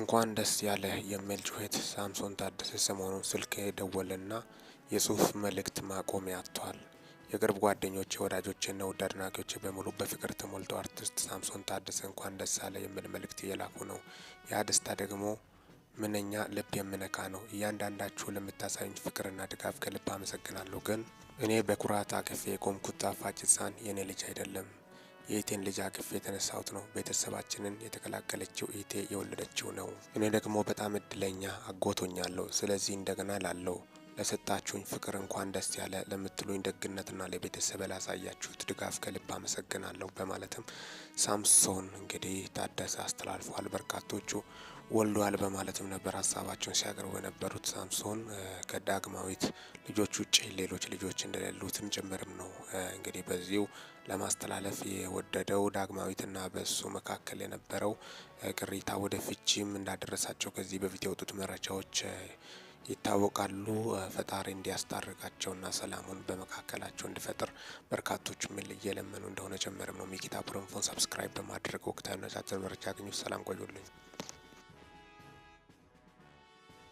እንኳን ደስ ያለ የሚል ጩኸት ሳምሶን ታደሰ ሰሞኑን ስልክ የደወለና የጽሁፍ መልእክት ማቆሚያ አጥቷል። የቅርብ ጓደኞቼ፣ ወዳጆቼና ውድ አድናቂዎቼ በሙሉ በፍቅር ተሞልተው አርቲስት ሳምሶን ታደሰ እንኳን ደስ አለ የሚል መልእክት እየላኩ ነው። ያ ደስታ ደግሞ ምንኛ ልብ የምነካ ነው። እያንዳንዳችሁ ለምታሳዩኝ ፍቅርና ድጋፍ ከልብ አመሰግናለሁ። ግን እኔ በኩራት አቅፌ የቆምኩት ጣፋጭ ህፃን የኔ ልጅ አይደለም የኢቴን ልጅ አቅፌ የተነሳሁት ነው። ቤተሰባችንን የተቀላቀለችው ኢቴ የወለደችው ነው። እኔ ደግሞ በጣም እድለኛ አጎቶኛለሁ። ስለዚህ እንደገና ላለው ለሰጣችሁኝ ፍቅር እንኳን ደስ ያለ ለምትሉኝ ደግነትና ለቤተሰብ ላሳያችሁት ድጋፍ ከልብ አመሰግናለሁ በማለትም ሳምሶን እንግዲህ ታደሰ አስተላልፏል። በርካቶቹ ወልዷል በማለትም ነበር ሀሳባቸውን ሲያቀርቡ የነበሩት። ሳምሶን ከዳግማዊት ልጆች ውጭ ሌሎች ልጆች እንደሌሉትም ጭምርም ነው እንግዲህ በዚሁ ለማስተላለፍ የወደደው ዳግማዊትና በሱ መካከል የነበረው ቅሬታ ወደ ፍቺም እንዳደረሳቸው ከዚህ በፊት የወጡት መረጃዎች ይታወቃሉ። ፈጣሪ እንዲያስታርቃቸውና ሰላሙን በመካከላቸው እንዲፈጥር በርካቶችም እየለመኑ እንደሆነ ጀመርም ነው። ሚኪታ ፕሮንፎን ሰብስክራይብ በማድረግ ወቅታዊ ነጫጭር መረጃ ያገኙ። ሰላም ቆዩልኝ።